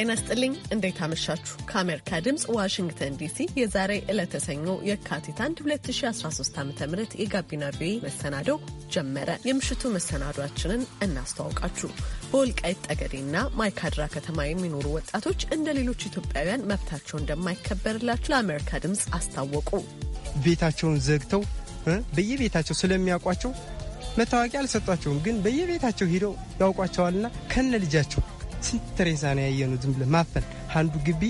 ጤና ስጥልኝ። እንዴት አመሻችሁ? ከአሜሪካ ድምፅ ዋሽንግተን ዲሲ የዛሬ ዕለተሰኞ የካቲት 1 2013 ዓ ም የጋቢና ቪ መሰናዶው ጀመረ። የምሽቱ መሰናዷችንን እናስተዋውቃችሁ። በወልቃይት ጠገዴና ማይካድራ ከተማ የሚኖሩ ወጣቶች እንደ ሌሎች ኢትዮጵያውያን መብታቸው እንደማይከበርላቸው ለአሜሪካ ድምፅ አስታወቁ። ቤታቸውን ዘግተው በየቤታቸው ስለሚያውቋቸው መታወቂያ አልሰጧቸውም፣ ግን በየቤታቸው ሂደው ያውቋቸዋልና ከነ ልጃቸው ስንት ሬሳ ነው ያየኑ። ዝም ብለ ማፈን አንዱ ግቢ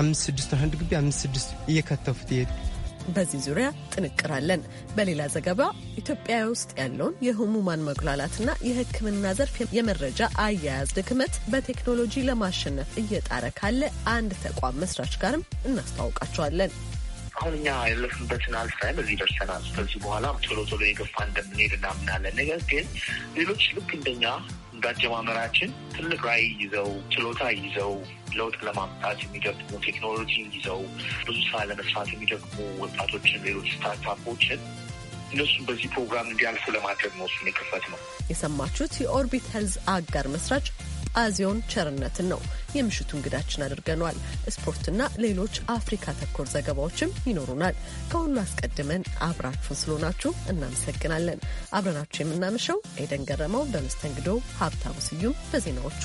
አምስት ስድስት አንዱ ግቢ አምስት ስድስት እየከተፉት ይሄዱ። በዚህ ዙሪያ ጥንቅራለን። በሌላ ዘገባ ኢትዮጵያ ውስጥ ያለውን የህሙማን መጉላላትና የሕክምና ዘርፍ የመረጃ አያያዝ ድክመት በቴክኖሎጂ ለማሸነፍ እየጣረ ካለ አንድ ተቋም መስራች ጋርም እናስተዋውቃቸዋለን። አሁን እኛ ያለፍንበትን አልፈን እዚህ ደርሰናል። ከዚህ በኋላ ቶሎ ቶሎ የገፋ እንደምንሄድ እናምናለን። ነገር ግን ሌሎች ልክ እንደኛ እንዳጀማመራችን ትልቅ ራዕይ ይዘው ችሎታ ይዘው ለውጥ ለማምጣት የሚደግሙ ቴክኖሎጂ ይዘው ብዙ ስራ ለመስፋት የሚደግሙ ወጣቶችን፣ ሌሎች ስታርታፖችን እነሱም በዚህ ፕሮግራም እንዲያልፉ ለማድረግ ነው እሱን የከፈት ነው። የሰማችሁት የኦርቢት ሄልዝ አጋር መስራች አዚዮን ቸርነትን ነው የምሽቱ እንግዳችን አድርገኗል። ስፖርትና ሌሎች አፍሪካ ተኮር ዘገባዎችም ይኖሩናል። ከሁሉ አስቀድመን አብራችሁን ስለሆናችሁ እናመሰግናለን። አብረናችሁ የምናመሸው ኤደን ገረመው በመስተንግዶ፣ ሀብታሙ ስዩም በዜናዎቹ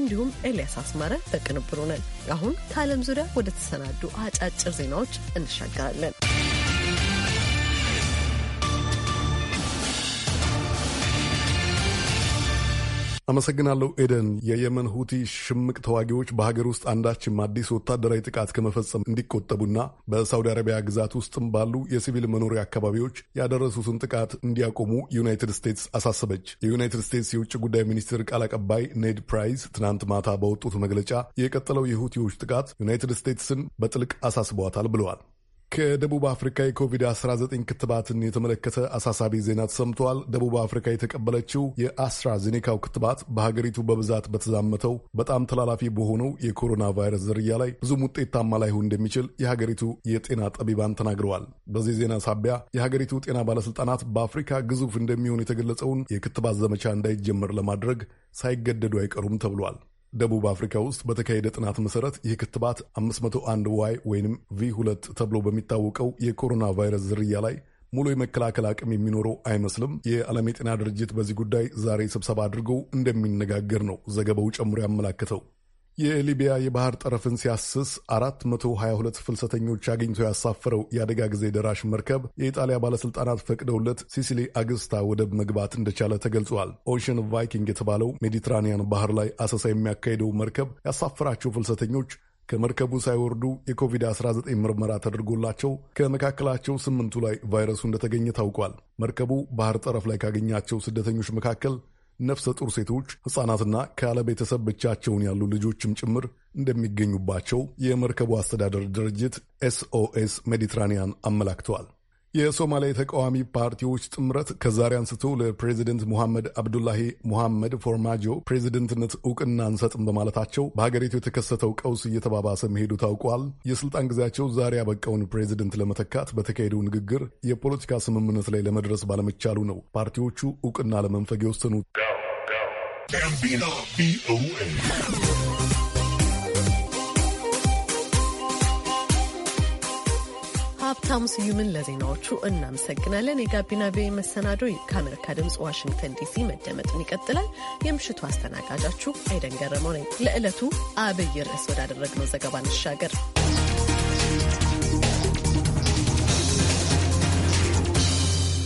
እንዲሁም ኤልያስ አስማረ በቅንብሩ ነን። አሁን ከዓለም ዙሪያ ወደ ተሰናዱ አጫጭር ዜናዎች እንሻገራለን። አመሰግናለሁ ኤደን። የየመን ሁቲ ሽምቅ ተዋጊዎች በሀገር ውስጥ አንዳችም አዲስ ወታደራዊ ጥቃት ከመፈጸም እንዲቆጠቡና በሳውዲ አረቢያ ግዛት ውስጥም ባሉ የሲቪል መኖሪያ አካባቢዎች ያደረሱትን ጥቃት እንዲያቆሙ ዩናይትድ ስቴትስ አሳሰበች። የዩናይትድ ስቴትስ የውጭ ጉዳይ ሚኒስትር ቃል አቀባይ ኔድ ፕራይስ ትናንት ማታ በወጡት መግለጫ የቀጠለው የሁቲዎች ጥቃት ዩናይትድ ስቴትስን በጥልቅ አሳስቧታል ብለዋል። ከደቡብ አፍሪካ የኮቪድ-19 ክትባትን የተመለከተ አሳሳቢ ዜና ተሰምተዋል። ደቡብ አፍሪካ የተቀበለችው የአስትራዜኔካው ክትባት በሀገሪቱ በብዛት በተዛመተው በጣም ተላላፊ በሆነው የኮሮና ቫይረስ ዝርያ ላይ ብዙም ውጤታማ ላይሆን እንደሚችል የሀገሪቱ የጤና ጠቢባን ተናግረዋል። በዚህ ዜና ሳቢያ የሀገሪቱ ጤና ባለስልጣናት በአፍሪካ ግዙፍ እንደሚሆን የተገለጸውን የክትባት ዘመቻ እንዳይጀመር ለማድረግ ሳይገደዱ አይቀሩም ተብሏል። ደቡብ አፍሪካ ውስጥ በተካሄደ ጥናት መሰረት ይህ ክትባት 501 ዋይ ወይም ቪ2 ተብሎ በሚታወቀው የኮሮና ቫይረስ ዝርያ ላይ ሙሉ የመከላከል አቅም የሚኖረው አይመስልም። የዓለም የጤና ድርጅት በዚህ ጉዳይ ዛሬ ስብሰባ አድርገው እንደሚነጋገር ነው ዘገባው ጨምሮ ያመላክተው። የሊቢያ የባህር ጠረፍን ሲያስስ 422 ፍልሰተኞች አግኝቶ ያሳፈረው የአደጋ ጊዜ ደራሽ መርከብ የኢጣሊያ ባለስልጣናት ፈቅደውለት ሲሲሊ አግስታ ወደብ መግባት እንደቻለ ተገልጿል። ኦሽን ቫይኪንግ የተባለው ሜዲትራኒያን ባህር ላይ አሰሳ የሚያካሄደው መርከብ ያሳፈራቸው ፍልሰተኞች ከመርከቡ ሳይወርዱ የኮቪድ-19 ምርመራ ተደርጎላቸው ከመካከላቸው ስምንቱ ላይ ቫይረሱ እንደተገኘ ታውቋል። መርከቡ ባህር ጠረፍ ላይ ካገኛቸው ስደተኞች መካከል ነፍሰ ጡር ሴቶች፣ ሕፃናትና ካለ ቤተሰብ ብቻቸውን ያሉ ልጆችም ጭምር እንደሚገኙባቸው የመርከቡ አስተዳደር ድርጅት ኤስኦኤስ ሜዲትራኒያን አመላክተዋል። የሶማሊያ የተቃዋሚ ፓርቲዎች ጥምረት ከዛሬ አንስቶ ለፕሬዚደንት ሙሐመድ አብዱላሂ ሙሐመድ ፎርማጆ ፕሬዚደንትነት እውቅና አንሰጥም በማለታቸው በሀገሪቱ የተከሰተው ቀውስ እየተባባሰ መሄዱ ታውቋል። የስልጣን ጊዜያቸው ዛሬ ያበቃውን ፕሬዚደንት ለመተካት በተካሄደው ንግግር የፖለቲካ ስምምነት ላይ ለመድረስ ባለመቻሉ ነው ፓርቲዎቹ እውቅና ለመንፈግ የወሰኑት። ሀብታሙ ስዩምን ለዜናዎቹ እናመሰግናለን። የጋቢና ቪ መሰናዶ ከአሜሪካ ድምፅ ዋሽንግተን ዲሲ መደመጡን ይቀጥላል። የምሽቱ አስተናጋጃችሁ አይደን ገረመው ነኝ። ለዕለቱ አብይ ርዕስ ወዳደረግነው ዘገባ እንሻገር።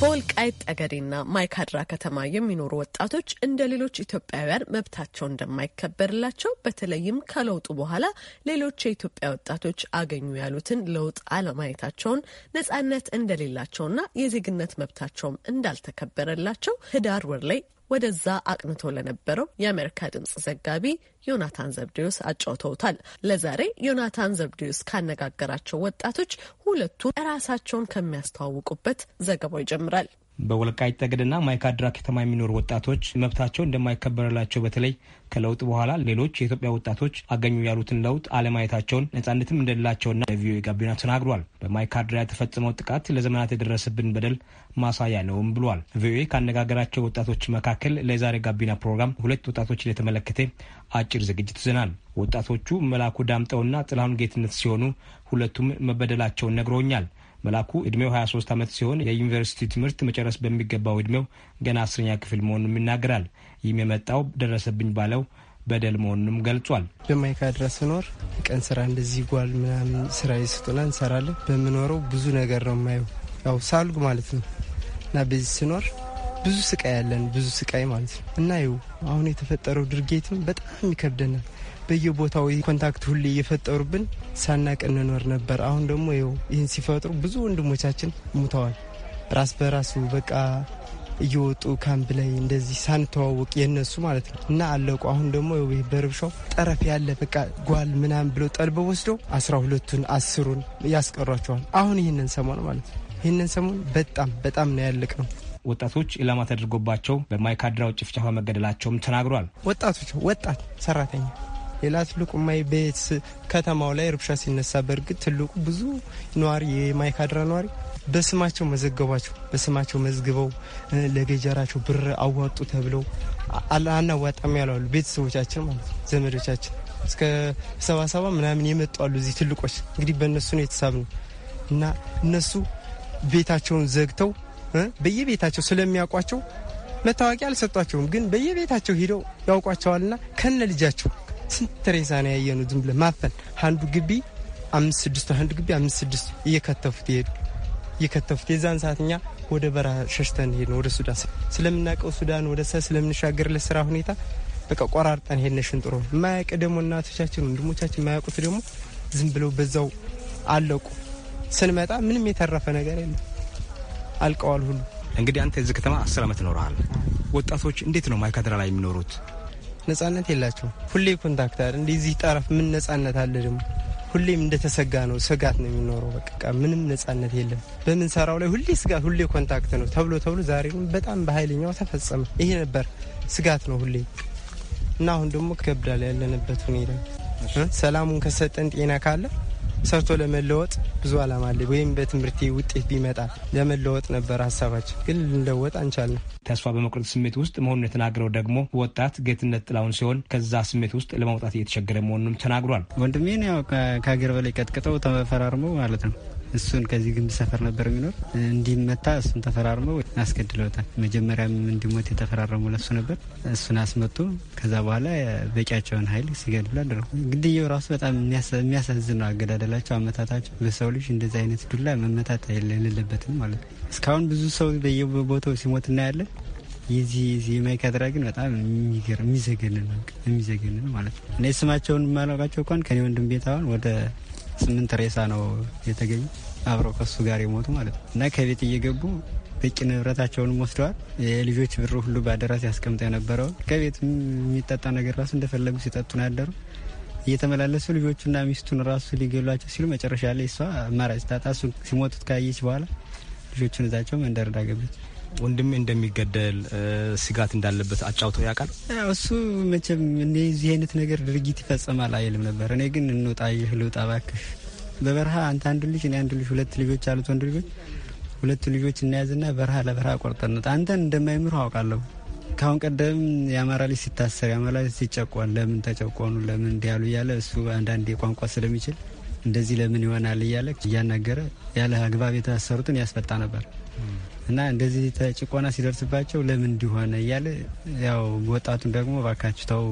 በወልቃይት ጠገዴና ማይካድራ ከተማ የሚኖሩ ወጣቶች እንደ ሌሎች ኢትዮጵያውያን መብታቸው እንደማይከበርላቸው በተለይም ከለውጡ በኋላ ሌሎች የኢትዮጵያ ወጣቶች አገኙ ያሉትን ለውጥ አለማየታቸውን ነጻነት እንደሌላቸውና የዜግነት መብታቸውም እንዳልተከበረላቸው ህዳር ወር ላይ ወደዛ አቅንቶ ለነበረው የአሜሪካ ድምጽ ዘጋቢ ዮናታን ዘብዴዎስ አጫውተውታል። ለዛሬ ዮናታን ዘብዴዎስ ካነጋገራቸው ወጣቶች ሁለቱ ራሳቸውን ከሚያስተዋውቁበት ዘገባው ይጀምራል። በወልቃይት ጠገድና ማይካድራ ከተማ የሚኖሩ ወጣቶች መብታቸው እንደማይከበርላቸው በተለይ ከለውጥ በኋላ ሌሎች የኢትዮጵያ ወጣቶች አገኙ ያሉትን ለውጥ አለማየታቸውን ነጻነትም እንደሌላቸውና ለቪኦኤ ጋቢና ተናግሯል። በማይካድራ የተፈጸመው ጥቃት ለዘመናት የደረሰብን በደል ማሳያ ነውም ብሏል። ቪኦኤ ካነጋገራቸው ወጣቶች መካከል ለዛሬ ጋቢና ፕሮግራም ሁለት ወጣቶች ለተመለከተ አጭር ዝግጅት ይዘናል። ወጣቶቹ መላኩ ዳምጠውና ጥላሁን ጌትነት ሲሆኑ ሁለቱም መበደላቸውን ነግሮኛል። መላኩ እድሜው 23 ዓመት ሲሆን የዩኒቨርሲቲ ትምህርት መጨረስ በሚገባው እድሜው ገና አስረኛ ክፍል መሆኑም ይናገራል። ይህም የመጣው ደረሰብኝ ባለው በደል መሆኑንም ገልጿል። በማይካድራ ስኖር ቀን ስራ እንደዚህ ይጓል ምናምን ስራ ይስጡና እንሰራለን። በምኖረው ብዙ ነገር ነው የማየው ያው ሳልጉ ማለት ነው እና በዚህ ስኖር ብዙ ስቃይ ያለን ብዙ ስቃይ ማለት ነው እና ይኸው አሁን የተፈጠረው ድርጊትም በጣም ይከብደናል። በየቦታው ኮንታክት ሁሌ እየፈጠሩብን ሳናቅ እንኖር ነበር። አሁን ደግሞ ይኸው ይህን ሲፈጥሩ ብዙ ወንድሞቻችን ሙተዋል። ራስ በራሱ በቃ እየወጡ ካምፕ ላይ እንደዚህ ሳንተዋወቅ የነሱ ማለት ነው እና አለቁ። አሁን ደግሞ በረብሻው ጠረፍ ያለ በቃ ጓል ምናምን ብለው ጠልበ ወስዶ አስራ ሁለቱን አስሩን ያስቀሯቸዋል። አሁን ይህንን ሰሞን ማለት ነው ይህንን ሰሞን በጣም በጣም ነው ያለቅ ነው። ወጣቶች ኢላማ ተደርጎባቸው በማይካድራው ጭፍጨፋ መገደላቸውም ተናግሯል። ወጣቶች ወጣት ሰራተኛ ሌላ ትልቁ ቤት ከተማው ላይ ርብሻ ሲነሳ በእርግጥ ትልቁ ብዙ ነዋሪ የማይካድራ ነዋሪ በስማቸው መዘገቧቸው በስማቸው መዝግበው ለገጀራቸው ብር አዋጡ ተብለው አናዋጣም ያለዋሉ ቤተሰቦቻችን ማለት ነው ዘመዶቻችን እስከ ሰባ ሰባ ምናምን የመጡ አሉ። እዚህ ትልቆች እንግዲህ በእነሱ ነው የተሳብ ነው እና እነሱ ቤታቸውን ዘግተው በየቤታቸው ስለሚያውቋቸው መታወቂያ አልሰጧቸውም፣ ግን በየቤታቸው ሂደው ያውቋቸዋልና ከነ ልጃቸው ስንት ሬሳ ነው ያየኑ። ዝም ብለ ማፈን አንዱ ግቢ አምስት ስድስቱ አንዱ ግቢ አምስት ስድስቱ እየከተፉት ይሄዱ እየከተፉት የዛን ሰዓት እኛ ወደ በረሃ ሸሽተን ሄድ ወደ ሱዳን ስለምናውቀው ሱዳን ወደ ሰ ስለምንሻገር ለስራ ሁኔታ በቃ ቆራርጠን ሄድነ ሽንጥሮ ማያውቅ ደግሞ እናቶቻችን ወንድሞቻችን ማያውቁት ደግሞ ዝም ብለው በዛው አለቁ። ስንመጣ ምንም የተረፈ ነገር የለም፣ አልቀዋል ሁሉ። እንግዲህ አንተ እዚህ ከተማ አስር ዓመት ኖረሃል። ወጣቶች እንዴት ነው ማይካድራ ላይ የሚኖሩት? ነጻነት የላቸውም። ሁሌ ኮንታክት አለ እንደዚህ ጠረፍ ምን ነጻነት አለ ደግሞ ሁሌም እንደተሰጋ ነው። ስጋት ነው የሚኖረው። በቃ ምንም ነጻነት የለም። በምንሰራው ላይ ሁሌ ስጋት፣ ሁሌ ኮንታክት ነው ተብሎ ተብሎ ዛሬ በጣም በኃይለኛው ተፈጸመ። ይሄ ነበር ስጋት ነው ሁሌ እና አሁን ደግሞ ከብዳል ያለንበት ሁኔታ ሰላሙን ከሰጠን ጤና ካለ ሰርቶ ለመለወጥ ብዙ አላማ አለ። ወይም በትምህርቴ ውጤት ቢመጣ ለመለወጥ ነበር ሀሳባችን፣ ግን ልንለወጥ አንቻልንም። ተስፋ በመቁረጥ ስሜት ውስጥ መሆኑን የተናገረው ደግሞ ወጣት ጌትነት ጥላውን ሲሆን ከዛ ስሜት ውስጥ ለመውጣት እየተቸገረ መሆኑንም ተናግሯል። ወንድሜን ያው ከሀገር በላይ ቀጥቅጠው ተፈራርሞ ማለት ነው እሱን ከዚህ ግንብ ሰፈር ነበር የሚኖር እንዲመታ እሱን ተፈራርመው አስገድለውታል። መጀመሪያም እንዲሞት የተፈራረሙ ለሱ ነበር። እሱን አስመጡ። ከዛ በኋላ በቂያቸውን ኃይል ሲገድሉ አደረ። ግድየው ራሱ በጣም የሚያሳዝን ነው። አገዳደላቸው፣ አመታታቸው በሰው ልጅ እንደዚህ አይነት ዱላ መመታት የሌለበትም ማለት ነው። እስካሁን ብዙ ሰው በየቦታው ሲሞት እናያለን። የዚህ የማይካድራ ግን በጣም የሚገርም የሚዘገንን ነው የሚዘገንን ማለት ነው። እኔ ስማቸውን የማላውቃቸው እንኳን ከኔ ወንድም ቤት አሁን ወደ ስምንት ሬሳ ነው የተገኙ አብረው ከሱ ጋር የሞቱ ማለት ነው እና ከቤት እየገቡ በቂ ንብረታቸውንም ወስደዋል። የልጆች ብር ሁሉ በአደራ ሲያስቀምጠ የነበረው ከቤት የሚጠጣ ነገር ራሱ እንደፈለጉ ሲጠጡን ያደሩ እየተመላለሱ ልጆቹና ሚስቱን ራሱ ሊገሏቸው ሲሉ መጨረሻ ላይ እሷ አማራጭ ታጣ ሲሞቱት ካየች በኋላ ልጆቹን እዛቸው መንደር እንዳገበች ወንድሜ እንደሚገደል ስጋት እንዳለበት አጫውተው ያውቃል? እሱ መቼም እዚህ አይነት ነገር ድርጊት ይፈጽማል አይልም ነበር። እኔ ግን እንውጣ፣ ይህ ልውጣ እባክህ፣ በበረሃ አንተ አንድ ልጅ እኔ አንድ ልጅ፣ ሁለት ልጆች አሉት ወንድ ልጆች፣ ሁለቱ ልጆች እናያዝና በረሃ ለበረሃ ቆርጠን አንተን እንደማይምርህ አውቃለሁ። ከአሁን ቀደም የአማራ ልጅ ሲታሰር የአማራ ልጅ ሲጨቆን ለምን ተጨቆኑ ለምን እንዲያሉ እያለ እሱ አንዳንዴ የቋንቋ ስለሚችል እንደዚህ ለምን ይሆናል እያለ እያናገረ ያለ አግባብ የታሰሩትን ያስፈጣ ነበር። እና እንደዚህ ጭቆና ሲደርስባቸው ለምን እንዲሆነ እያለ ያው ወጣቱን ደግሞ ባካችሁ ተው፣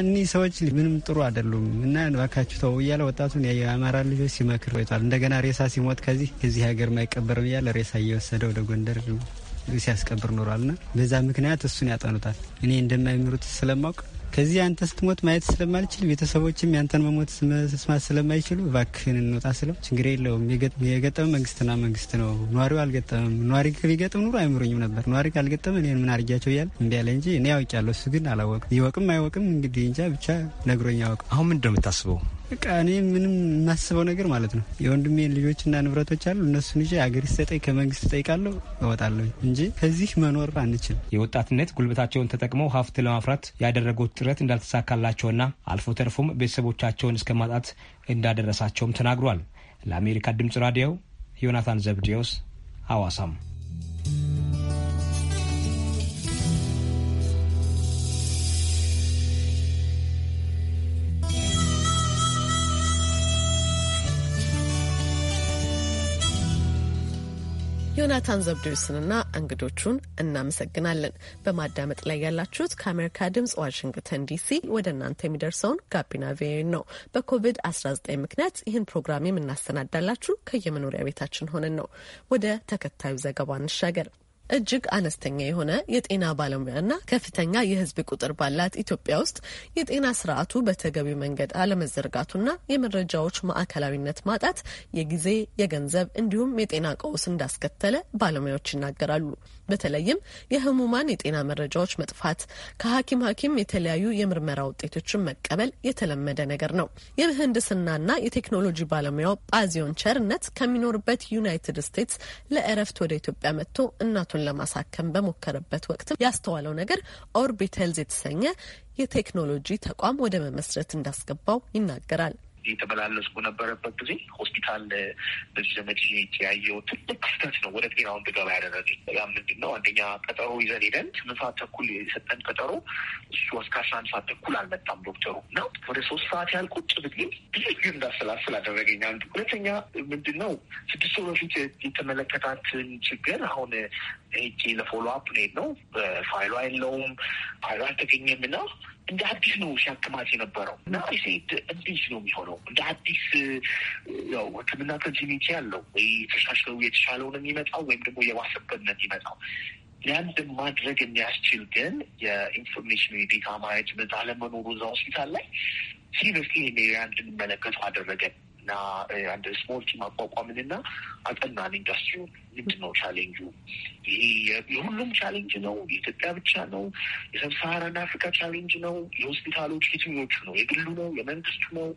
እኒህ ሰዎች ምንም ጥሩ አይደሉም እና ባካችሁ ተው እያለ ወጣቱን የአማራ ልጆች ሲመክር ቆይቷል። እንደገና ሬሳ ሲሞት ከዚህ ከዚህ ሀገር ማይቀበርም እያለ ሬሳ እየወሰደ ወደ ጎንደር ሲያስቀብር ና በዛ ምክንያት እሱን ያጠኑታል። እኔ እንደማይምሩት ስለማውቅ ከዚህ አንተ ስትሞት ማየት ስለማልችል ቤተሰቦችም ያንተን መሞት መስማት ስለማይችሉ እባክህን እንውጣ ስለው ችግር የለውም የገጠመ መንግስትና መንግስት ነው፣ ነዋሪው አልገጠመም። ነዋሪ ቢገጥም ኑሮ አይምሩኝም ነበር። ነዋሪ ካልገጠመ እኔን ምን አድርጊያቸው እያለ እምቢ አለ እንጂ እኔ ያውቅ ያለው እሱ ግን አላወቅም። ይወቅም አይወቅም እንግዲህ እንጃ ብቻ ነግሮኝ አወቅም። አሁን ምንድን ነው የምታስበው? በቃ እኔ ምንም የማስበው ነገር ማለት ነው የወንድሜን ልጆችና ንብረቶች አሉ። እነሱን ይዤ አገር ሲሰጠኝ ከመንግስት እጠይቃለሁ እወጣለሁ እንጂ ከዚህ መኖር አንችል። የወጣትነት ጉልበታቸውን ተጠቅመው ሀብት ለማፍራት ያደረጉት ጥረት እንዳልተሳካላቸውና አልፎ ተርፎም ቤተሰቦቻቸውን እስከ ማጣት እንዳደረሳቸውም ተናግሯል። ለአሜሪካ ድምጽ ራዲዮ ዮናታን ዘብዲዮስ አዋሳም። ዮናታን ዘብዴዎስንና እንግዶቹን እናመሰግናለን። በማዳመጥ ላይ ያላችሁት ከአሜሪካ ድምጽ ዋሽንግተን ዲሲ ወደ እናንተ የሚደርሰውን ጋቢና ቪኦኤ ነው። በኮቪድ-19 ምክንያት ይህን ፕሮግራም የምናሰናዳላችሁ ከየመኖሪያ ቤታችን ሆነን ነው። ወደ ተከታዩ ዘገባ እንሻገር። እጅግ አነስተኛ የሆነ የጤና ባለሙያና ከፍተኛ የሕዝብ ቁጥር ባላት ኢትዮጵያ ውስጥ የጤና ስርዓቱ በተገቢው መንገድ አለመዘርጋቱና የመረጃዎች ማዕከላዊነት ማጣት የጊዜ፣ የገንዘብ እንዲሁም የጤና ቀውስ እንዳስከተለ ባለሙያዎች ይናገራሉ። በተለይም የህሙማን የጤና መረጃዎች መጥፋት፣ ከሐኪም ሐኪም የተለያዩ የምርመራ ውጤቶችን መቀበል የተለመደ ነገር ነው። የምህንድስናና የቴክኖሎጂ ባለሙያው ጳዚዮን ቸርነት ከሚኖርበት ዩናይትድ ስቴትስ ለእረፍት ወደ ኢትዮጵያ መጥቶ እናቱን ለማሳከም በሞከረበት ወቅት ያስተዋለው ነገር ኦርቢተልዝ የተሰኘ የቴክኖሎጂ ተቋም ወደ መመስረት እንዳስገባው ይናገራል። የተመላለስኩ ነበረበት ጊዜ ሆስፒታል በዚህ ዘመድ ያየው ትልቅ ክስተት ነው ወደ ጤናው እንድገባ ያደረገኝ። ያ ምንድን ነው? አንደኛ ቀጠሮ ይዘን ሄደን ስምንት ሰዓት ተኩል የሰጠን ቀጠሮ እሱ እስከ አስራ አንድ ሰዓት ተኩል አልመጣም ዶክተሩ እና ወደ ሶስት ሰዓት ያህል ቁጭ ግን ብዙ ጊዜ እንዳሰላስል አደረገኝ። አንዱ ሁለተኛ ምንድን ነው ስድስት ወር በፊት የተመለከታትን ችግር አሁን ሄጄ ለፎሎ አፕ ሄድ ነው ፋይሏ የለውም ፋይሏ አልተገኘም እና እንደ አዲስ ነው ሲያክማት የነበረው እና ሴት እንዴት ነው የሚሆነው? እንደ አዲስ ያው ህክምና ከጂኒቲ ያለው ወይ ተሻሽለው የተሻለው ነው የሚመጣው ወይም ደግሞ የባሰበት ነው የሚመጣው። ያንድን ማድረግ የሚያስችል ግን የኢንፎርሜሽን የዴታ ማኔጅመንት አለመኖሩ እዛ ሆስፒታል ላይ ሲሪየስሊ ይሄን እንድንመለከተው አደረገን። እና አንድ ስሞል ቲም አቋቋምን እና አጠናን ኢንዱስትሪው ምንድን ነው ቻሌንጁ? ይሄ የሁሉም ቻሌንጅ ነው? የኢትዮጵያ ብቻ ነው? የሰብሳሃራን አፍሪካ ቻሌንጅ ነው? የሆስፒታሎች የትኞቹ ነው? የግሉ ነው? የመንግስቱ ነው?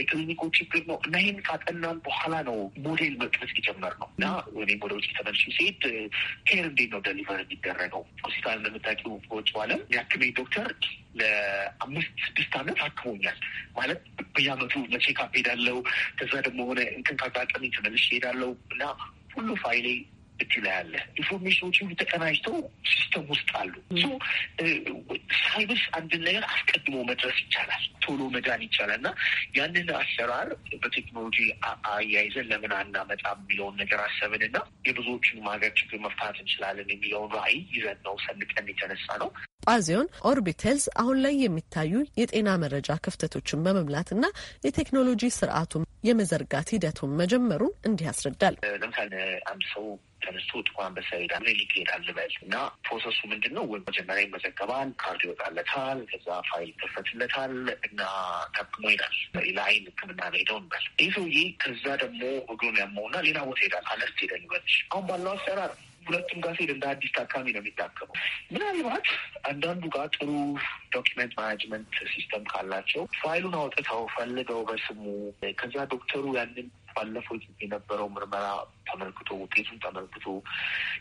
የክሊኒኮች ችግር ነው? እና ይህን ካጠናን በኋላ ነው ሞዴል መቅረጽ የጀመር ነው። እና ወይ ወደ ውጭ ተመልሱ ስሄድ ኬር እንዴት ነው ደሊቨር የሚደረገው? ሆስፒታል እንደምታውቂው በውጭ ዓለም የአክሜ ዶክተር ለአምስት ስድስት ዓመት አክሞኛል ማለት በየአመቱ ለቼካፕ ሄዳለው። ከዛ ደግሞ ሆነ እንትን ካጋጠመኝ ተመልሼ ሄዳለው እና ሁሉ ፋይሌ እድል ላይ ኢንፎርሜሽኖች ሁሉ ተቀናጅተው ሲስተም ውስጥ አሉ። ሳይብስ አንድን ነገር አስቀድሞ መድረስ ይቻላል፣ ቶሎ መዳን ይቻላል እና ያንን አሰራር በቴክኖሎጂ አያይዘን ለምን አናመጣ የሚለውን ነገር አሰብን እና የብዙዎችን ሀገር ችግር መፍታት እንችላለን የሚለውን ራዕይ ይዘን ነው ሰንቀን የተነሳ ነው። ጳዚዮን ኦርቢተልስ አሁን ላይ የሚታዩ የጤና መረጃ ክፍተቶችን በመምላትና የቴክኖሎጂ ስርዓቱን የመዘርጋት ሂደቱን መጀመሩን እንዲህ ያስረዳል። ለምሳሌ አንድ ሰው ተነስቶ ጥቁር በሰሌዳ ላይ ክሊኒክ ልበል እና ፕሮሰሱ ምንድን ነው? መጀመሪያ ይመዘገባል፣ ካርድ ይወጣለታል፣ ከዛ ፋይል ይከፈትለታል እና ታክሞ ይሄዳል። ለአይን ሕክምና ሄደው እንበል ይህ ሰውዬ ከዛ ደግሞ እግሩን ያመውና ሌላ ቦታ ይሄዳል፣ አለርት ሄደን ይበልሽ አሁን ባለው አሰራር ሁለቱም ጋር ሲሄድ እንደ አዲስ ታካሚ ነው የሚታከመው። ምናልባት አንዳንዱ ጋር ጥሩ ዶኪመንት ማናጅመንት ሲስተም ካላቸው ፋይሉን አውጥተው ፈልገው በስሙ ከዛ ዶክተሩ ያንን ባለፈው የነበረው ምርመራ ተመልክቶ ውጤቱን ተመልክቶ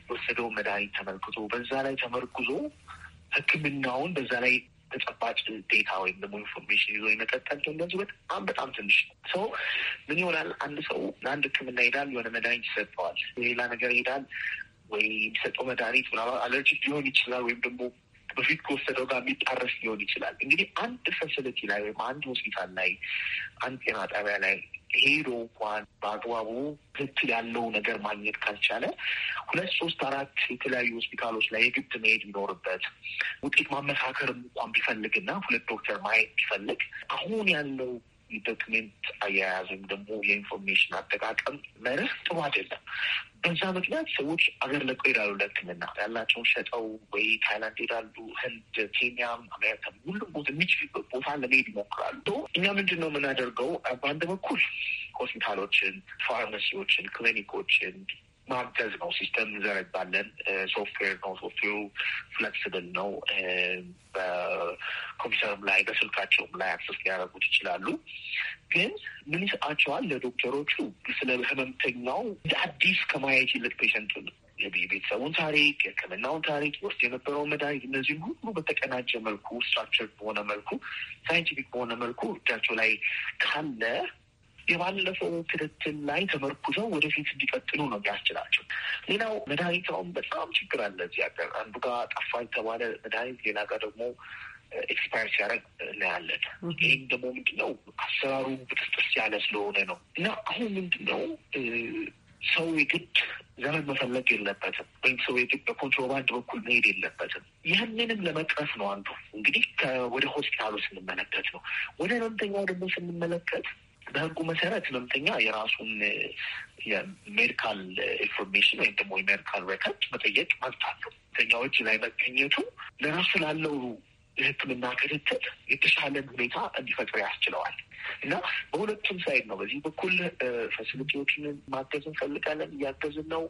የወሰደው መድኃኒት ተመልክቶ በዛ ላይ ተመርኩዞ ሕክምናውን በዛ ላይ ተጨባጭ ዴታ ወይም ደግሞ ኢንፎርሜሽን ይዞ የመቀጠል እንደዚህ በጣም በጣም ትንሽ ነው። ሰው ምን ይሆናል? አንድ ሰው ለአንድ ሕክምና ይሄዳል፣ የሆነ መድኃኒት ይሰጠዋል፣ ሌላ ነገር ይሄዳል ወይ የሚሰጠው መድኃኒት ምናምን አለርጂክ ሊሆን ይችላል ወይም ደግሞ በፊት ከወሰደው ጋር የሚጣረስ ሊሆን ይችላል። እንግዲህ አንድ ፈሲሊቲ ላይ ወይም አንድ ሆስፒታል ላይ አንድ ጤና ጣቢያ ላይ ሄዶ እንኳን በአግባቡ ክትትል ያለው ነገር ማግኘት ካልቻለ ሁለት ሶስት አራት የተለያዩ ሆስፒታሎች ላይ የግድ መሄድ ቢኖርበት ውጤት ማመሳከርም እንኳን ቢፈልግና ሁለት ዶክተር ማየት ቢፈልግ አሁን ያለው የዶክሜንት አያያዝ ወይም ደግሞ የኢንፎርሜሽን አጠቃቀም መርህ ጥሩ አይደለም። በዛ ምክንያት ሰዎች አገር ለቆ ይሄዳሉ ለሕክምና ያላቸውን ሸጠው ወይ ታይላንድ ይሄዳሉ፣ ህንድ፣ ኬንያም፣ አሜሪካ ሁሉም ቦታ የሚችል ቦታ ለመሄድ ይሞክራሉ። እኛ ምንድን ነው የምናደርገው? በአንድ በኩል ሆስፒታሎችን፣ ፋርማሲዎችን፣ ክሊኒኮችን ማገዝ ነው። ሲስተም እንዘረጋለን። ሶፍትዌር ነው። ሶፍትዌሩ ፍለክስብል ነው። በኮምፒውተርም ላይ በስልካቸውም ላይ አክሰስ ሊያደርጉት ይችላሉ። ግን ምን ይሰጣቸዋል ለዶክተሮቹ ስለ ህመምተኛው አዲስ ከማየት ይልቅ ፔሸንቱ የቤተሰቡን ታሪክ፣ የህክምናውን ታሪክ፣ ውስጥ የነበረውን መድኃኒት፣ እነዚህም ሁሉ በተቀናጀ መልኩ ስትራክቸር በሆነ መልኩ ሳይንቲፊክ በሆነ መልኩ እጃቸው ላይ ካለ የባለፈው ክትትል ላይ ተመርኩዘው ወደፊት እንዲቀጥሉ ነው የሚያስችላቸው። ሌላው መድኃኒት አሁን በጣም ችግር አለ እዚህ ሀገር። አንዱ ጋር ጠፋ የተባለ መድኃኒት ሌላ ጋር ደግሞ ኤክስፓየር ሲያደርግ እናያለን። ይህም ደግሞ ምንድነው አሰራሩ ብጥስጥስ ያለ ስለሆነ ነው እና አሁን ምንድነው ሰው የግድ ዘመን መፈለግ የለበትም ወይም ሰው የግድ በኮንትሮባንድ በኩል መሄድ የለበትም። ይህንንም ለመቅረፍ ነው አንዱ እንግዲህ ወደ ሆስፒታሉ ስንመለከት ነው። ወደ ህመምተኛው ደግሞ ስንመለከት በህጉ መሰረት ህመምተኛ የራሱን የሜዲካል ኢንፎርሜሽን ወይም ደግሞ የሜዲካል ሬከርድ መጠየቅ መብት አለው። ህመምተኛዎች ላይ መገኘቱ ለራሱ ላለው የህክምና ክትትል የተሻለ ሁኔታ እንዲፈጥር ያስችለዋል እና በሁለቱም ሳይድ ነው። በዚህ በኩል ፋሲሊቲዎችን ማገዝ እንፈልጋለን፣ እያገዝን ነው።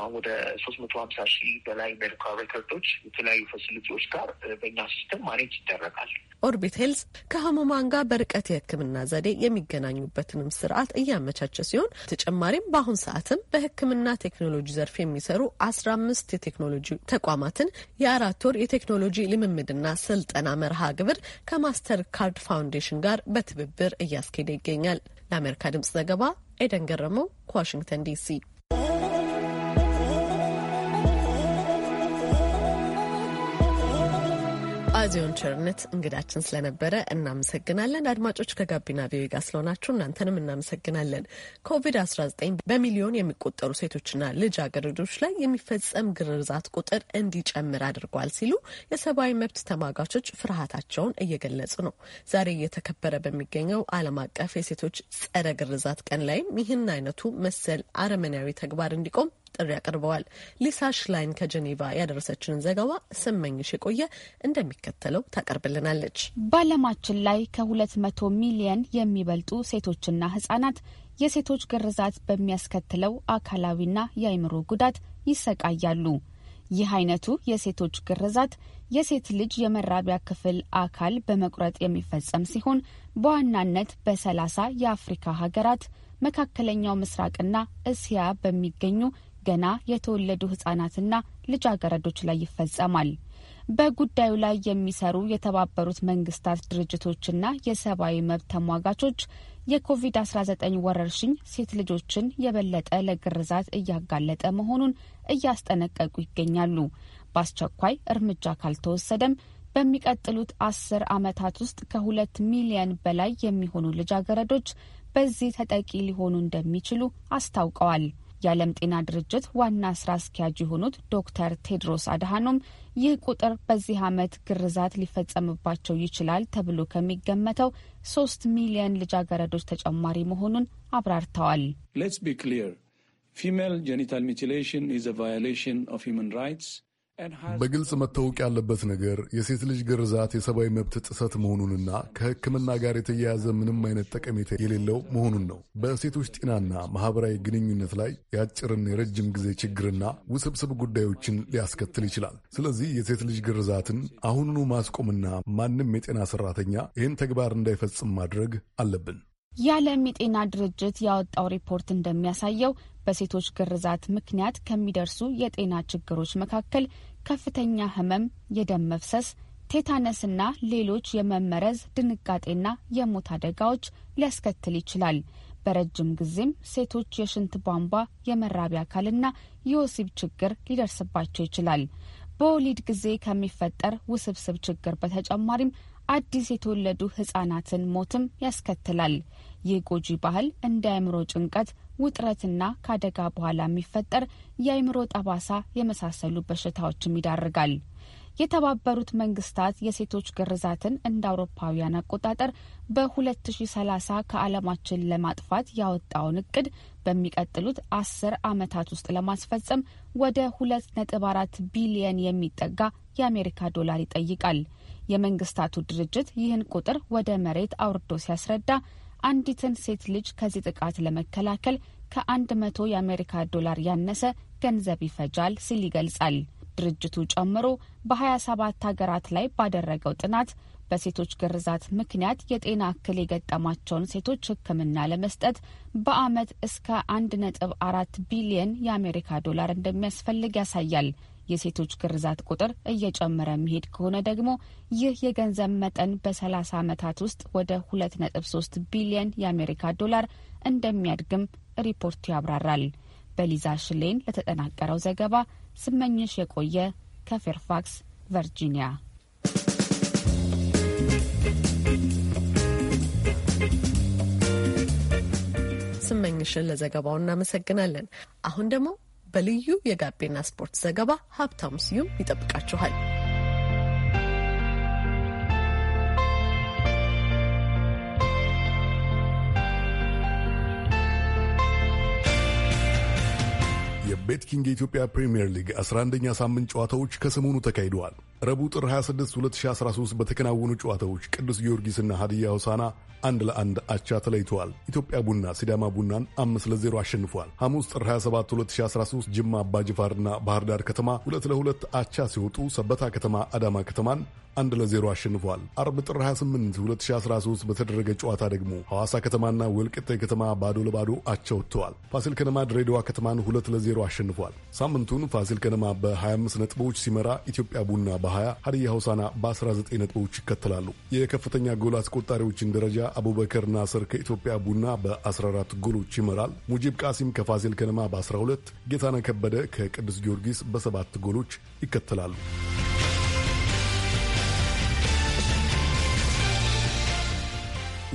አሁን ወደ ሶስት መቶ ሀምሳ ሺህ በላይ ሜዲካል ሬከርዶች የተለያዩ ፋሲሊቲዎች ጋር በእኛ ሲስተም ማኔጅ ይደረጋል። ኦርቢት ሄልስ ከህሙማን ጋር በርቀት የህክምና ዘዴ የሚገናኙበትንም ስርዓት እያመቻቸ ሲሆን ተጨማሪም በአሁን ሰዓትም በህክምና ቴክኖሎጂ ዘርፍ የሚሰሩ አስራ አምስት የቴክኖሎጂ ተቋማትን የአራት ወር የቴክኖሎጂ ልምምድና ስልጠና መርሃ ግብር ከማስተር ካርድ ፋውንዴሽን ጋር በትብብር እያስኬደ ይገኛል። ለአሜሪካ ድምጽ ዘገባ ኤደን ገረመው ከዋሽንግተን ዲሲ አዚዮን ቸርነት እንግዳችን ስለነበረ እናመሰግናለን። አድማጮች ከጋቢና ቪዮ ጋር ስለሆናችሁ እናንተንም እናመሰግናለን። ኮቪድ-19 በሚሊዮን የሚቆጠሩ ሴቶችና ልጃገረዶች ላይ የሚፈጸም ግርዛት ቁጥር እንዲጨምር አድርጓል ሲሉ የሰብአዊ መብት ተሟጋቾች ፍርሃታቸውን እየገለጹ ነው። ዛሬ እየተከበረ በሚገኘው ዓለም አቀፍ የሴቶች ጸረ ግርዛት ቀን ላይም ይህን አይነቱ መሰል አረመናዊ ተግባር እንዲቆም ጥሪ አቅርበዋል። ሊሳ ሽላይን ከጀኔቫ ያደረሰችንን ዘገባ ስመኝሽ የቆየ እንደሚከተለው ታቀርብልናለች። በዓለማችን ላይ ከሁለት መቶ ሚሊየን የሚበልጡ ሴቶችና ህጻናት የሴቶች ግርዛት በሚያስከትለው አካላዊና የአይምሮ ጉዳት ይሰቃያሉ። ይህ አይነቱ የሴቶች ግርዛት የሴት ልጅ የመራቢያ ክፍል አካል በመቁረጥ የሚፈጸም ሲሆን በዋናነት በሰላሳ የአፍሪካ ሀገራት መካከለኛው ምስራቅና እስያ በሚገኙ ገና የተወለዱ ህጻናትና ልጃገረዶች ላይ ይፈጸማል። በጉዳዩ ላይ የሚሰሩ የተባበሩት መንግስታት ድርጅቶችና የሰብአዊ መብት ተሟጋቾች የኮቪድ-19 ወረርሽኝ ሴት ልጆችን የበለጠ ለግርዛት እያጋለጠ መሆኑን እያስጠነቀቁ ይገኛሉ። በአስቸኳይ እርምጃ ካልተወሰደም በሚቀጥሉት አስር ዓመታት ውስጥ ከሁለት ሚሊየን በላይ የሚሆኑ ልጃገረዶች በዚህ ተጠቂ ሊሆኑ እንደሚችሉ አስታውቀዋል። የዓለም ጤና ድርጅት ዋና ስራ አስኪያጅ የሆኑት ዶክተር ቴድሮስ አድሃኖም ይህ ቁጥር በዚህ ዓመት ግርዛት ሊፈጸምባቸው ይችላል ተብሎ ከሚገመተው ሶስት ሚሊየን ልጃገረዶች ተጨማሪ መሆኑን አብራርተዋል። ሌትስ ቢ ክሊር ፊሜል ጄኒታል ሚቲሌሽን ኢዝ ቫዮሌሽን ኦፍ ሂውማን ራይትስ በግልጽ መታወቅ ያለበት ነገር የሴት ልጅ ግርዛት የሰብአዊ መብት ጥሰት መሆኑንና ከሕክምና ጋር የተያያዘ ምንም አይነት ጠቀሜታ የሌለው መሆኑን ነው። በሴቶች ጤናና ማህበራዊ ግንኙነት ላይ የአጭርና የረጅም ጊዜ ችግርና ውስብስብ ጉዳዮችን ሊያስከትል ይችላል። ስለዚህ የሴት ልጅ ግርዛትን አሁኑኑ ማስቆምና ማንም የጤና ሰራተኛ ይህን ተግባር እንዳይፈጽም ማድረግ አለብን። የዓለም የጤና ድርጅት ያወጣው ሪፖርት እንደሚያሳየው በሴቶች ግርዛት ምክንያት ከሚደርሱ የጤና ችግሮች መካከል ከፍተኛ ህመም፣ የደም መፍሰስ፣ ቴታነስና ሌሎች የመመረዝ ድንጋጤና የሞት አደጋዎች ሊያስከትል ይችላል። በረጅም ጊዜም ሴቶች የሽንት ቧንቧ፣ የመራቢያ አካልና የወሲብ ችግር ሊደርስባቸው ይችላል። በወሊድ ጊዜ ከሚፈጠር ውስብስብ ችግር በተጨማሪም አዲስ የተወለዱ ህጻናትን ሞትም ያስከትላል። ይህ ጎጂ ባህል እንደ አእምሮ ጭንቀት፣ ውጥረትና ከአደጋ በኋላ የሚፈጠር የአይምሮ ጠባሳ የመሳሰሉ በሽታዎችም ይዳርጋል። የተባበሩት መንግስታት የሴቶች ግርዛትን እንደ አውሮፓውያን አቆጣጠር በ2030 ከዓለማችን ለማጥፋት ያወጣውን እቅድ በሚቀጥሉት አስር ዓመታት ውስጥ ለማስፈጸም ወደ 2.4 ቢሊየን የሚጠጋ የአሜሪካ ዶላር ይጠይቃል። የመንግስታቱ ድርጅት ይህን ቁጥር ወደ መሬት አውርዶ ሲያስረዳ አንዲትን ሴት ልጅ ከዚህ ጥቃት ለመከላከል ከአንድ መቶ የአሜሪካ ዶላር ያነሰ ገንዘብ ይፈጃል ሲል ይገልጻል። ድርጅቱ ጨምሮ በ27 ሀገራት ላይ ባደረገው ጥናት በሴቶች ግርዛት ምክንያት የጤና እክል የገጠማቸውን ሴቶች ሕክምና ለመስጠት በዓመት እስከ አንድ ነጥብ አራት ቢሊየን የአሜሪካ ዶላር እንደሚያስፈልግ ያሳያል። የሴቶች ግርዛት ቁጥር እየጨመረ የሚሄድ ከሆነ ደግሞ ይህ የገንዘብ መጠን በ30 ዓመታት ውስጥ ወደ 2.3 ቢሊየን የአሜሪካ ዶላር እንደሚያድግም ሪፖርቱ ያብራራል። በሊዛ ሽሌን ለተጠናቀረው ዘገባ ስመኝሽ የቆየ ከፌርፋክስ ቨርጂኒያ። ስመኝሽን ለዘገባው እናመሰግናለን። አሁን ደግሞ በልዩ የጋቢና ስፖርት ዘገባ ሀብታሙ ስዩም ይጠብቃችኋል። በቤትኪንግ የኢትዮጵያ ፕሪምየር ሊግ 11ኛ ሳምንት ጨዋታዎች ከሰሞኑ ተካሂደዋል። ረቡዕ ጥር 26 2013 በተከናወኑ ጨዋታዎች ቅዱስ ጊዮርጊስና ሀዲያ ሆሳና አንድ ለአንድ አቻ ተለይተዋል። ኢትዮጵያ ቡና ሲዳማ ቡናን አምስት ለዜሮ አሸንፏል። ሐሙስ ጥር 27 2013 ጅማ አባጅፋርና ባህር ዳር ከተማ ሁለት ለሁለት አቻ ሲወጡ ሰበታ ከተማ አዳማ ከተማን አንድ ለዜሮ አሸንፏል። አርብ ጥር 28 2013 በተደረገ ጨዋታ ደግሞ ሐዋሳ ከተማና ወልቅጤ ከተማ ባዶ ለባዶ አቻ ወጥተዋል። ፋሲል ከነማ ድሬዳዋ ከተማን ሁለት ለዜሮ አሸንፏል። ሳምንቱን ፋሲል ከነማ በ25 ነጥቦች ሲመራ ኢትዮጵያ ቡና በ20 ሀዲያ ሆሳና በ19 ነጥቦች ይከተላሉ። የከፍተኛ ጎል አስቆጣሪዎችን ደረጃ አቡበከር ናስር ከኢትዮጵያ ቡና በ14 ጎሎች ይመራል። ሙጂብ ቃሲም ከፋሲል ከነማ በ12 ጌታነ ከበደ ከቅዱስ ጊዮርጊስ በሰባት ጎሎች ይከተላሉ።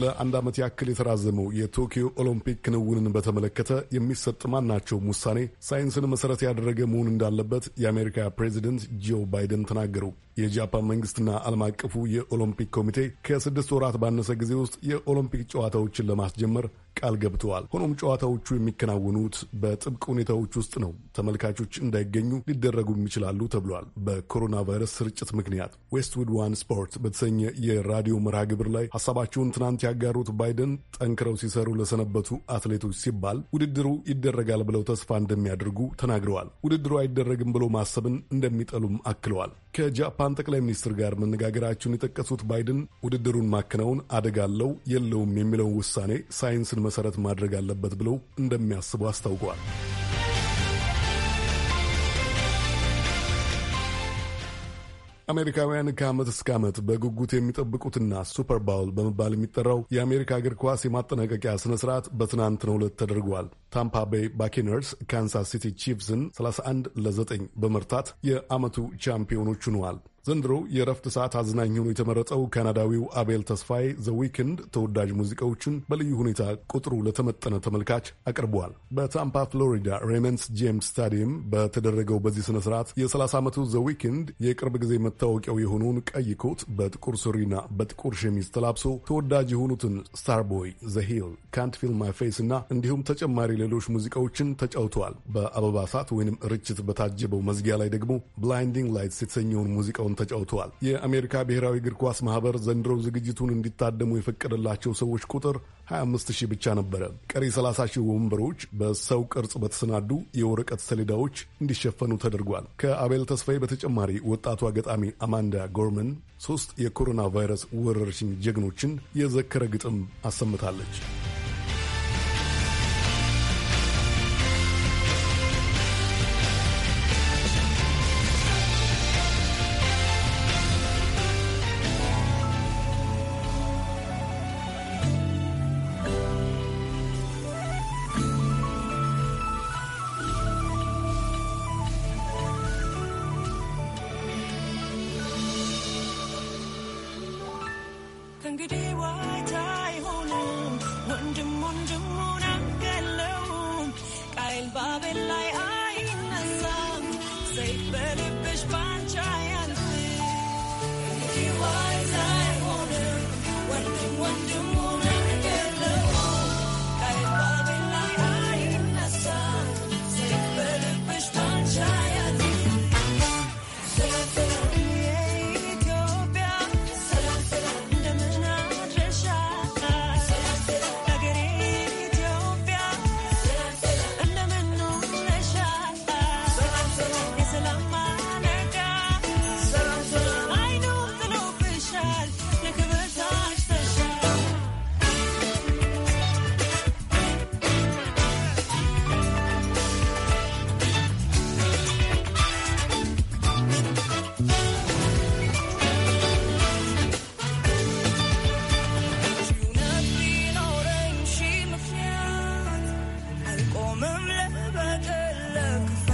ለአንድ ዓመት ያክል የተራዘመው የቶኪዮ ኦሎምፒክ ክንውንን በተመለከተ የሚሰጥ ማናቸውም ውሳኔ ሳይንስን መሠረት ያደረገ መሆን እንዳለበት የአሜሪካ ፕሬዚደንት ጆ ባይደን ተናገሩ። የጃፓን መንግስትና ዓለም አቀፉ የኦሎምፒክ ኮሚቴ ከስድስት ወራት ባነሰ ጊዜ ውስጥ የኦሎምፒክ ጨዋታዎችን ለማስጀመር ቃል ገብተዋል። ሆኖም ጨዋታዎቹ የሚከናወኑት በጥብቅ ሁኔታዎች ውስጥ ነው። ተመልካቾች እንዳይገኙ ሊደረጉም ይችላሉ ተብሏል። በኮሮና ቫይረስ ስርጭት ምክንያት ዌስትውድ ዋን ስፖርት በተሰኘ የራዲዮ መርሃ ግብር ላይ ሀሳባቸውን ትናንት ያጋሩት ባይደን ጠንክረው ሲሰሩ ለሰነበቱ አትሌቶች ሲባል ውድድሩ ይደረጋል ብለው ተስፋ እንደሚያደርጉ ተናግረዋል። ውድድሩ አይደረግም ብሎ ማሰብን እንደሚጠሉም አክለዋል። ከጃፓን ጠቅላይ ሚኒስትር ጋር መነጋገራቸውን የጠቀሱት ባይደን ውድድሩን ማከናወን አደጋ አለው የለውም የሚለውን ውሳኔ ሳይንስን መሰረት ማድረግ አለበት ብለው እንደሚያስቡ አስታውቀዋል። አሜሪካውያን ከዓመት እስከ ዓመት በጉጉት የሚጠብቁትና ሱፐር ባውል በመባል የሚጠራው የአሜሪካ እግር ኳስ የማጠናቀቂያ ስነ ስርዓት በትናንትናው ዕለት ተደርጓል። ታምፓ ቤይ ባኪነርስ ካንሳስ ሲቲ ቺፍስን 31 ለ9 በመርታት የዓመቱ ቻምፒዮኖች ሆነዋል። ዘንድሮ የእረፍት ሰዓት አዝናኝ ሆኖ የተመረጠው ካናዳዊው አቤል ተስፋዬ ዘ ዊክንድ ተወዳጅ ሙዚቃዎቹን በልዩ ሁኔታ ቁጥሩ ለተመጠነ ተመልካች አቅርበዋል። በታምፓ ፍሎሪዳ ሬመንስ ጄምስ ስታዲየም በተደረገው በዚህ ስነ ስርዓት የ30 ዓመቱ ዘ ዊክንድ የቅርብ ጊዜ መታወቂያው የሆነውን ቀይ ኮት በጥቁር ሱሪና በጥቁር ሸሚዝ ተላብሶ ተወዳጅ የሆኑትን ስታርቦይ፣ ዘ ሂል፣ ካንት ፊል ማይ ፌስ እና እንዲሁም ተጨማሪ ሌሎች ሙዚቃዎችን ተጫውተዋል። በአበባ ሰዓት ወይንም ርችት በታጀበው መዝጊያ ላይ ደግሞ ብላይንዲንግ ላይትስ የተሰኘውን ሙዚቃውን ተጫውተዋል። የአሜሪካ ብሔራዊ እግር ኳስ ማህበር ዘንድሮ ዝግጅቱን እንዲታደሙ የፈቀደላቸው ሰዎች ቁጥር 25 ሺህ ብቻ ነበረ። ቀሪ 30 ሺህ ወንበሮች በሰው ቅርጽ በተሰናዱ የወረቀት ሰሌዳዎች እንዲሸፈኑ ተደርጓል። ከአቤል ተስፋዬ በተጨማሪ ወጣቷ ገጣሚ አማንዳ ጎርመን ሶስት የኮሮና ቫይረስ ወረርሽኝ ጀግኖችን የዘከረ ግጥም አሰምታለች። faith that it ቆመም ለበቀል ለክፋት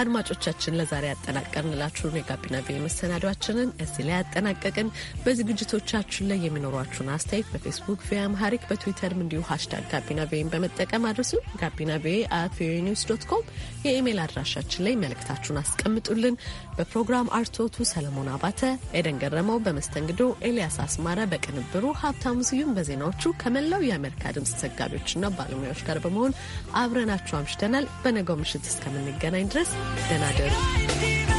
አድማጮቻችን ለዛሬ ያጠናቀርንላችሁን የጋቢና ቪ መሰናዷችንን እዚህ ላይ ያጠናቀቅን። በዝግጅቶቻችን ላይ የሚኖሯችሁን አስተያየት በፌስቡክ ቪ አምሃሪክ በትዊተርም እንዲሁ ሀሽታግ ጋቢና ቪን በመጠቀም አድርሱ። ጋቢና ቪ አት ቪኦኤ ኒውስ ዶት ኮም የኢሜይል አድራሻችን ላይ መልእክታችሁን አስቀምጡልን። በፕሮግራም አርቶቱ ሰለሞን አባተ፣ ኤደን ገረመው በመስተንግዶ፣ ኤልያስ አስማረ በቅንብሩ፣ ሀብታሙ ስዩም በዜናዎቹ ከመላው የአሜሪካ ድምፅ ዘጋቢዎችና ባለሙያዎች ጋር በመሆን አብረናችሁ አምሽተናል። በነገው ምሽት እስከምንገናኝ ድረስ than I do.